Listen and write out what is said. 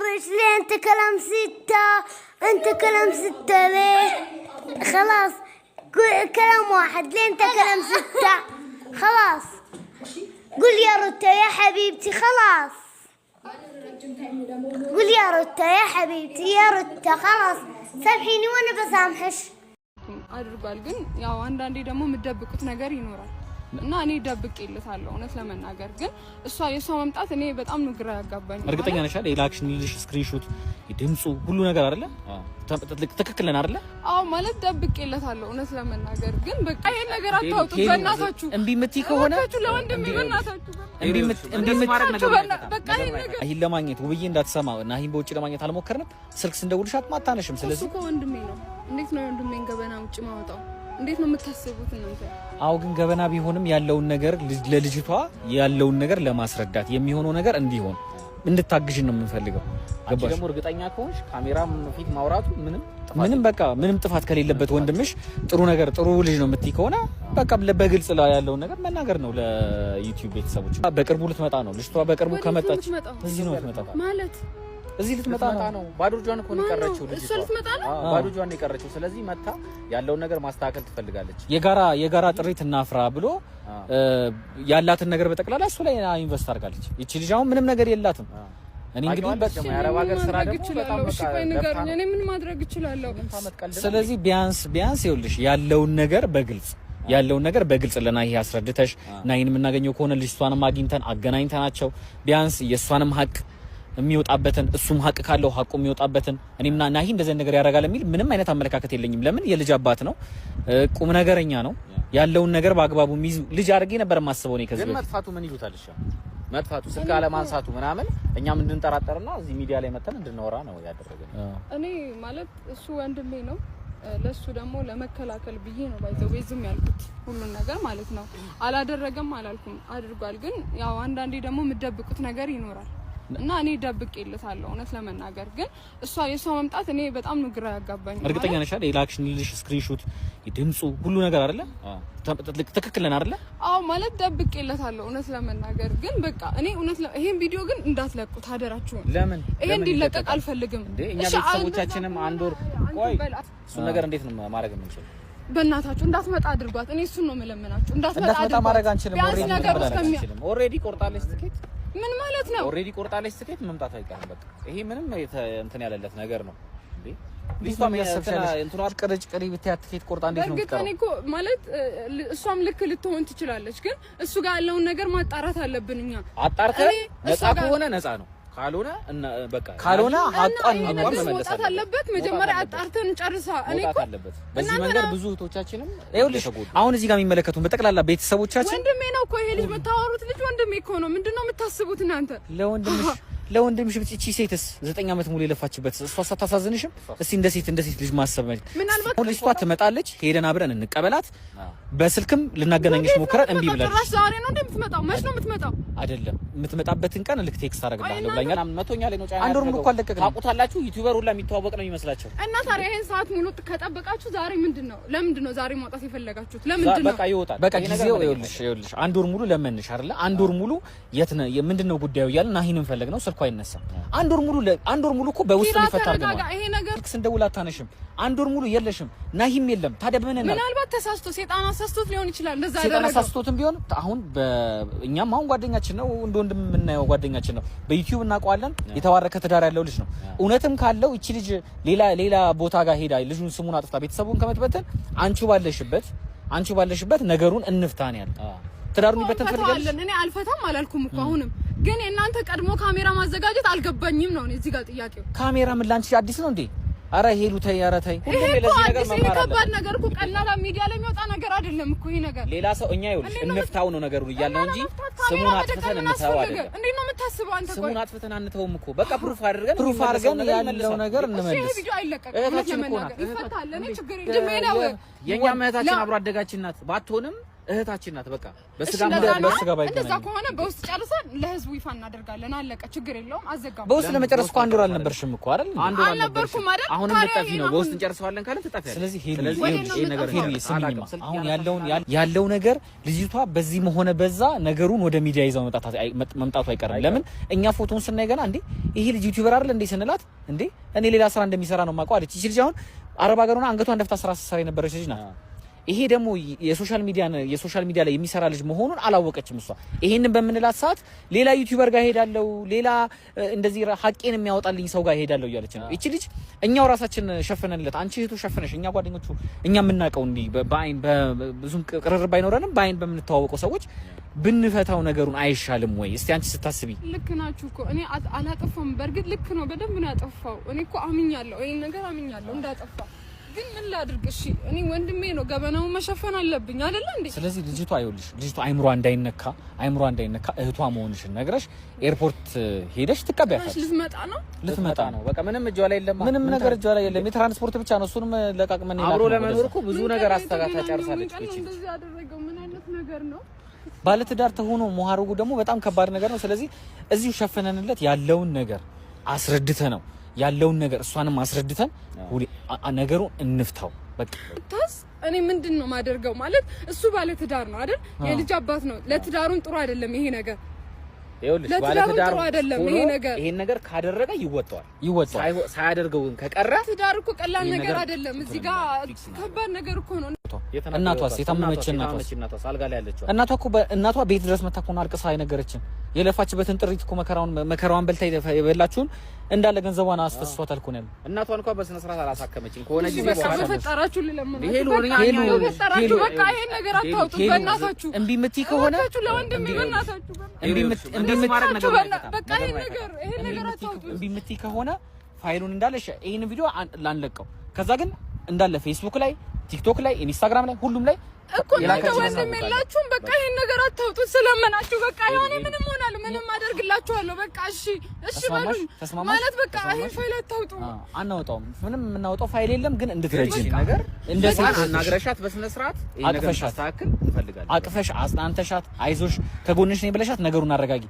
برج ليه انت كلام ستة انت كلام ستة ليه خلاص كلام واحد ليه انت كلام ستة خلاص قول يا روتا يا حبيبتي خلاص قول يا روتا يا حبيبتي يا روتا خلاص سامحيني وانا بسامحش አድርጓል يا ያው አንዳንዴ دمو የምትደብቁት ነገር ይኖራል እና እኔ ደብቄለታለሁ። እውነት ለመናገር ግን እሷ የእሷ መምጣት እኔ በጣም ነው ግራ ያጋባኝ። እርግጠኛ ነሽ አይደል? የላክሽን ልጅ ስክሪንሾት፣ ድምፁ፣ ሁሉ ነገር አይደለ? ትክክል ነን አይደለ? አዎ ማለት ደብቄለታለሁ። እውነት ለመናገር ግን በቃ ይሄን ነገር አታውጡት በእናታችሁ። እምቢ የምትይ ከሆነ ለወንድሜ በእናታችሁ ይህን ለማግኘት ውብዬ እንዳትሰማ እና ይህን በውጭ ለማግኘት አልሞከርንም። ስልክ ስንደውልሽ አታነሽም። ስለዚህ እሱ ከወንድሜ ነው። እንዴት ነው የወንድሜን ገበና ውጭ ማወጣው? እንዴት ነው የምታስቡት እናንተ? አሁ ግን ገበና ቢሆንም ያለውን ነገር ለልጅቷ ያለውን ነገር ለማስረዳት የሚሆነው ነገር እንዲሆን እንድታግዥ ነው የምንፈልገው። ገባሽ? ደግሞ እርግጠኛ ከሆንሽ ካሜራ ፊት ማውራቱ ምንም ምንም በቃ ምንም ጥፋት ከሌለበት ወንድምሽ ጥሩ ነገር ጥሩ ልጅ ነው የምትይ ከሆነ በቃ በግልጽ ላይ ያለውን ነገር መናገር ነው ለዩቲዩብ ቤተሰቦች። በቅርቡ ልትመጣ ነው ልጅቷ። በቅርቡ ከመጣች እዚህ ነው የምትመጣው ማለት እዚህ ልትመጣ ነው። ባዶ እጇን እኮ ነው የቀረችው። ልጅቷ ባዶ እጇን ነው የቀረችው። ስለዚህ መታ ያለውን ነገር ማስተካከል ትፈልጋለች። የጋራ የጋራ ጥሪት እናፍራ ብሎ ያላትን ነገር በጠቅላላ እሱ ላይ ኢንቨስት አድርጋለች። ይቺ ልጅ አሁን ምንም ነገር የላትም። እኔ እንግዲህ ምን ማድረግ እችላለሁ? ስለዚህ ቢያንስ ቢያንስ ይኸውልሽ ያለውን ነገር በግልጽ ያለውን ነገር በግልጽ ለናሂ አስረድተሽ ናሂን የምናገኘው ከሆነ ልጅቷንም አግኝተን አገናኝተናቸው ቢያንስ የእሷንም ሀቅ የሚወጣበትን እሱም ሀቅ ካለው ሀቁ የሚወጣበትን እኔምና ናሂ እንደዚህ ነገር ያደርጋል የሚል ምንም አይነት አመለካከት የለኝም። ለምን የልጅ አባት ነው፣ ቁም ነገረኛ ነው። ያለውን ነገር በአግባቡ የሚይዙ ልጅ አድርጌ ነበር የማስበው ነው። ከዚህ መጥፋቱ ምን ይሉታል? እሺ መጥፋቱ ስልክ አለማንሳቱ ምናምን እኛም እንድንጠራጠርና እዚህ ሚዲያ ላይ መተን እንድንወራ ነው ያደረገ። እኔ ማለት እሱ ወንድሜ ነው ለሱ ደግሞ ለመከላከል ብዬ ነው ባይዘው ዝም ያልኩት ሁሉን ነገር ማለት ነው። አላደረገም አላልኩም፣ አድርጓል። ግን ያው አንዳንዴ ደግሞ የምደብቁት ነገር ይኖራል እና እኔ ደብቄለታለሁ። እውነት ለመናገር ግን እሷ የእሷ መምጣት እኔ በጣም ነው ግራ ያጋባኝ። እርግጠኛ ነሽ አይደል? የላክሽን ልጅ ስክሪንሾት፣ ድምፁ፣ ሁሉ ነገር አይደለ? ትክክል ነን አይደለ? አዎ። ማለት ደብቄለታለሁ እውነት ለመናገር ግን በቃ እኔ እውነት ይሄን ቪዲዮ ግን እንዳትለቁ ታደራችሁ። ለምን ይሄ እንዲለቀቅ አልፈልግም። እኛ ቤተሰቦቻችንም አንድ ወር ቆይ፣ እሱን ነገር እንዴት ነው ማድረግ የምንችለው? በእናታችሁ እንዳትመጣ አድርጓት። እኔ እሱን ነው የምለምናችሁ። እንዳትመጣ አድርጓት። ማድረግ አንችልም። ኦልሬዲ ቆርጣለች ትኬት ምን ማለት ነው? ኦልሬዲ ቆርጣለች። ስኬት መምጣት አይቀርም። በቃ ይሄ ምንም እንትን ያለለት ነገር ነው። ልጅቷም ማለት እሷም ልክ ልትሆን ትችላለች፣ ግን እሱ ጋር ያለውን ነገር ማጣራት አለብን እኛ። አጣርተህ ነፃ ከሆነ ነፃ ነው ካልሆነ በቃ ካልሆነ አቋም መውጣት አለበት። መጀመሪያ አጣርተን ጨርሳ እኔ እኮ በዚህ መንገድ ብዙ እህቶቻችንም ይኸውልሽ፣ አሁን እዚህ ጋር የሚመለከቱን በጠቅላላ ቤተሰቦቻችን ወንድሜ ነው እኮ ይሄ ልጅ፣ የምታወሩት ልጅ ወንድሜ እኮ ነው። ምንድን ነው የምታስቡት እናንተ ለወንድምሽ ለወንድምሽ ብትቺ ሴትስ ዘጠኝ ዓመት ሙሉ የለፋችበት እሷ ሳታሳዝንሽም? እስቲ እንደ ሴት እንደ ሴት ልጅ ማሰብ ማለት ምናልባት ልጅቷ ትመጣለች፣ ሄደን አብረን እንቀበላት። በስልክም ልናገናኘሽ ሞክረን እምቢ ብላለች። አይደለም የምትመጣበትን ቀን ልክ ቴክስት አደርግልሃለሁ ብላኛል። መቶኛ ላይ ነው ጫና አንድ ወር ሙሉ እኮ አለቀቅን። ታውቁታላችሁ፣ ዩቲዩበር ሁላ የሚተዋወቅ ነው የሚመስላችሁ። እና ታዲያ ይሄን ሰዓት ሙሉ ከጠበቃችሁ ዛሬ ምንድን ነው ለምንድን ነው ዛሬ ማውጣት የፈለጋችሁት? ለምንድን ነው በቃ ይወጣል። በቃ ጊዜው ይኸውልሽ፣ ይኸውልሽ አንድ ወር ሙሉ ለመንሽ አይደለ? አንድ ወር ሙሉ የት ነው ምንድን ነው ጉዳዩ እያልን ናሂን እንፈልግ ነው እኮ አይነሳም። አንድ ወር ሙሉ አንድ ወር ሙሉ እኮ በውስጥ ሊፈታ ስልክ ስንደውል አታነሽም። አንድ ወር ሙሉ የለሽም፣ ናሂም የለም። ታዲያ በምን እና ምናልባት ተሳስቶ ሴጣን አሳስቶት ሊሆን ይችላል። ለዛ ሴጣን አሳስቶትም ቢሆን አሁን በእኛም አሁን ጓደኛችን ነው፣ እንደ ወንድም የምናየው ጓደኛችን ነው። በዩቲዩብ እናውቀዋለን። የተባረከ ትዳር ያለው ልጅ ነው። እውነትም ካለው እቺ ልጅ ሌላ ሌላ ቦታ ጋር ሄዳ ልጁን ስሙን አጥፍታ ቤተሰቡን ከመትበተን አንቺ ባለሽበት አንቺ ባለሽበት ነገሩን እንፍታን ያለ ትዳሩን ይበተን ፈልጋለን። እኔ አልፈታም አላልኩም እኮ አሁንም ግን እናንተ ቀድሞ ካሜራ ማዘጋጀት አልገባኝም ነው እዚህ ጋር ጥያቄው። ካሜራ ምን ላንቺ አዲስ ነው እንዴ? አረ ሄሉ ተይ፣ አረ ተይ። ሁሉም ለዚህ ነገር መማር ከባድ ነገር እኮ ቀላል ሚዲያ ላይ የሚወጣ ነገር አይደለም እኮ ይሄ ነገር። ሌላ ሰው እኛ ይኸውልሽ እንፍታው ነው ነገሩን እያለ እንጂ ስሙን አጥፍተን እንተው አይደለም። እንዴት ነው የምታስበው አንተ? ቆይ ስሙን አጥፍተን አንተውም እኮ በቃ ፕሩፍ አድርገን ፕሩፍ አድርገን ያለው ነገር እንመልስ። እሺ ቪዲዮ አይለቀቅም። እህታችን እኮ ናት፣ ይፈታል። እኔ ችግር የለም። የኛ እህታችን አብሮ አደጋችን ናት ባትሆንም እህታችን ናት። በቃ በስጋ በስጋ እንደዛ ከሆነ በውስጥ ጨርሰን ለህዝቡ ይፋ እናደርጋለን። አለቀ፣ ችግር የለውም። አዘጋው በውስጥ ለመጨረስ እኮ አንድ ወር አልነበርሽም እኮ አይደል? አንድ ወር አልነበርኩም አይደል? አሁን ልጠፊ ነው። በውስጥ እንጨርሰዋለን ካለ ትጠፊያለሽ። ስለዚህ ሄዱ ነገር አሁን ያለውን ያለው ነገር ልጅቷ በዚህ መሆነ በዛ ነገሩን ወደ ሚዲያ ይዛው መምጣቱ አይቀርም። ለምን እኛ ፎቶውን ስናይ ገና እንዴ ይሄ ልጅ ዩቲዩበር አይደል እንዴ ስንላት እንዴ እኔ ሌላ ስራ እንደሚሰራ ነው የማውቀው አለች። ይቺ ልጅ አሁን አረብ ሀገር ሆና አንገቷን ደፍታ ስራ ስትሰራ የነበረች ልጅ ናት። ይሄ ደግሞ የሶሻል ሚዲያ የሶሻል ሚዲያ ላይ የሚሰራ ልጅ መሆኑን አላወቀችም እሷ። ይሄንን በምንላት ሰዓት ሌላ ዩቲዩበር ጋር ሄዳለው፣ ሌላ እንደዚህ ሀቄን የሚያወጣልኝ ሰው ጋር ሄዳለው እያለች ነው እቺ ልጅ። እኛው ራሳችን ሸፍነንለት፣ አንቺ እህቱ ሸፍነሽ፣ እኛ ጓደኞቹ፣ እኛ የምናውቀው እንዲህ በአይን ብዙም ቅርርብ ባይኖረንም በአይን በምንተዋወቀው ሰዎች ብንፈታው ነገሩን አይሻልም ወይ? እስቲ አንቺ ስታስቢ። ልክ ናችሁ እኮ እኔ አላጠፋም። በእርግጥ ልክ ነው፣ በደንብ ነው ያጠፋው። እኔ እኮ አምኛለሁ፣ ይሄን ነገር አምኛለሁ እንዳጠፋ ግን ምን ላድርግ? እሺ እኔ ወንድሜ ነው፣ ገበናውን መሸፈን አለብኝ አይደለ እንዴ? ስለዚህ ልጅቷ ይኸውልሽ፣ ልጅቷ አይምሯ እንዳይነካ አይምሯ እንዳይነካ እህቷ መሆንሽን ነግረሽ ኤርፖርት ሄደሽ ትቀበያታለሽ። ልትመጣ ነው ልትመጣ ነው። በቃ ምንም እጇ ላይ የለም፣ ምንም ነገር እጇ ላይ የለም። የትራንስፖርት ብቻ ነው፣ እሱንም ለቃቅመን አብሮ ለመኖር እኮ ብዙ ነገር አስተጋታ ጨርሳለች። እንደዚህ ያደረገው ምን አይነት ነገር ነው? ባለትዳር ተሆኖ መሃሩጉ ደግሞ በጣም ከባድ ነገር ነው። ስለዚህ እዚሁ ሸፍነንለት ያለውን ነገር አስረድተ ነው ያለውን ነገር እሷንም አስረድተን ነገሩን እንፍታው። ብታስ እኔ ምንድን ነው ማደርገው? ማለት እሱ ባለ ትዳር ነው አይደል? የልጅ አባት ነው። ለትዳሩን ጥሩ አይደለም ይሄ ነገር። ለትዳሩ አይደለም ይሄ ነገር። ይሄን ነገር ካደረገ ይወጣዋል፣ ይወጣዋል። ሳያደርገው ከቀረ ትዳር እኮ ቀላል ነገር አይደለም። እዚህ ጋር ከባድ ነገር እኮ ነው። እናቷ እናቷስ የታመመች እናቷስ አልጋ ላይ ያለችው እናቷ እኮ እናቷ ቤት ድረስ መታ እኮ ነው አልቅሳ የነገረችን። የለፋችበትን ጥሪት እኮ መከራውን መከራዋን በልታ የበላችሁን እንዳለ ገንዘቧን አስፈስቷታል እኮ ነው ያለው። እናቷን እንኳን በስነ ስርዓት አላሳከመችም። ከሆነ ጊዜ በኋላ በፈጠራችሁ ልለምን ሄሎ ሄሎ ሄሎ በቃ ይሄን ነገር አታውጡ። በእናታችሁ እምቢ የምትይ ከሆነ ለወንድሜ በእናታችሁ እምቢ እምቢ የምትይ በቃ ይሄን ነገር ይሄን ነገር አታውጡ። እምቢ የምትይ ከሆነ ፋይሉን እንዳለሽ ይሄን ቪዲዮ ላንለቀው። ከዛ ግን እንዳለ ፌስቡክ ላይ ቲክቶክ ላይ ኢንስታግራም ላይ ሁሉም ላይ እኮ እናንተ ወንድም የላችሁም። በቃ ይሄን ነገር አታውጡ። ስለመናችሁ። በቃ የሆነ ምንም ሆናል ምንም አደርግላችኋለሁ። በቃ እሺ፣ እሺ በሉኝ ማለት በቃ ይሄን ፋይል አታውጡ። አናወጣውም፣ ምንም የምናወጣው ፋይል የለም። ግን እንድትረጂ ነገር እንደ ሴት አናግረሻት፣ በስነ ስርዓት ይሄን ነገር አቅፈሻት፣ አቅፈሽ አጽናንተሻት፣ አይዞሽ ከጎንሽ ነኝ ብለሻት ነገሩን አረጋጊ።